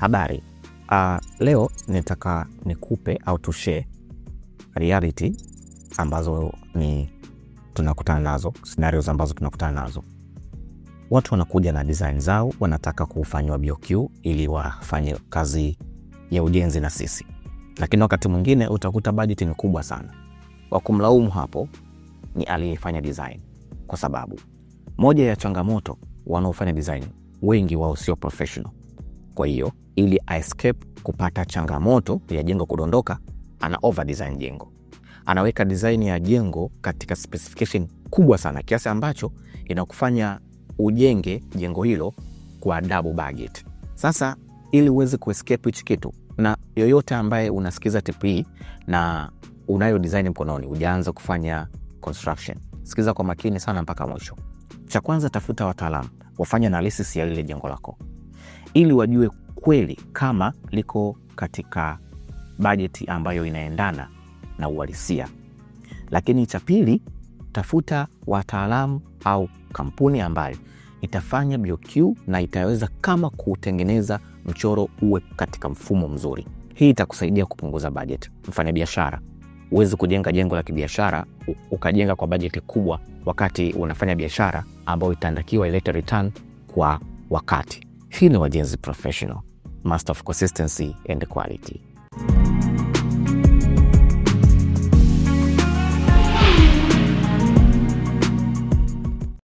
Habari. Uh, leo nitaka nikupe au tushe reality ambazo ni tunakutana nazo, scenarios ambazo tunakutana nazo. Watu wanakuja na design zao, wanataka kufanyiwa BOQ ili wafanye kazi ya ujenzi na sisi, lakini wakati mwingine utakuta bajeti ni kubwa sana. Wa kumlaumu hapo ni aliyefanya design, kwa sababu moja ya changamoto wanaofanya design wengi wao sio professional. Kwa hiyo ili aescape kupata changamoto ya jengo kudondoka, ana over design jengo, anaweka design ya jengo katika specification kubwa sana kiasi ambacho inakufanya ujenge jengo hilo kwa double budget. Sasa ili uweze kuescape hichi kitu, na yoyote ambaye unasikiza tip hii na unayo design mkononi, ujaanza kufanya construction, sikiza kwa makini sana mpaka mwisho. Cha kwanza, tafuta wataalamu wafanye analysis ya lile jengo lako ili wajue kweli kama liko katika bajeti ambayo inaendana na uhalisia. Lakini cha pili, tafuta wataalamu au kampuni ambayo itafanya BOQ na itaweza kama kutengeneza mchoro uwe katika mfumo mzuri. Hii itakusaidia kupunguza bajeti. biashara huwezi kujenga jengo la kibiashara ukajenga kwa bajeti kubwa wakati unafanya biashara ambayo itaandakiwa ilete return kwa wakati ni Wajenzi Professional, master of consistency and quality.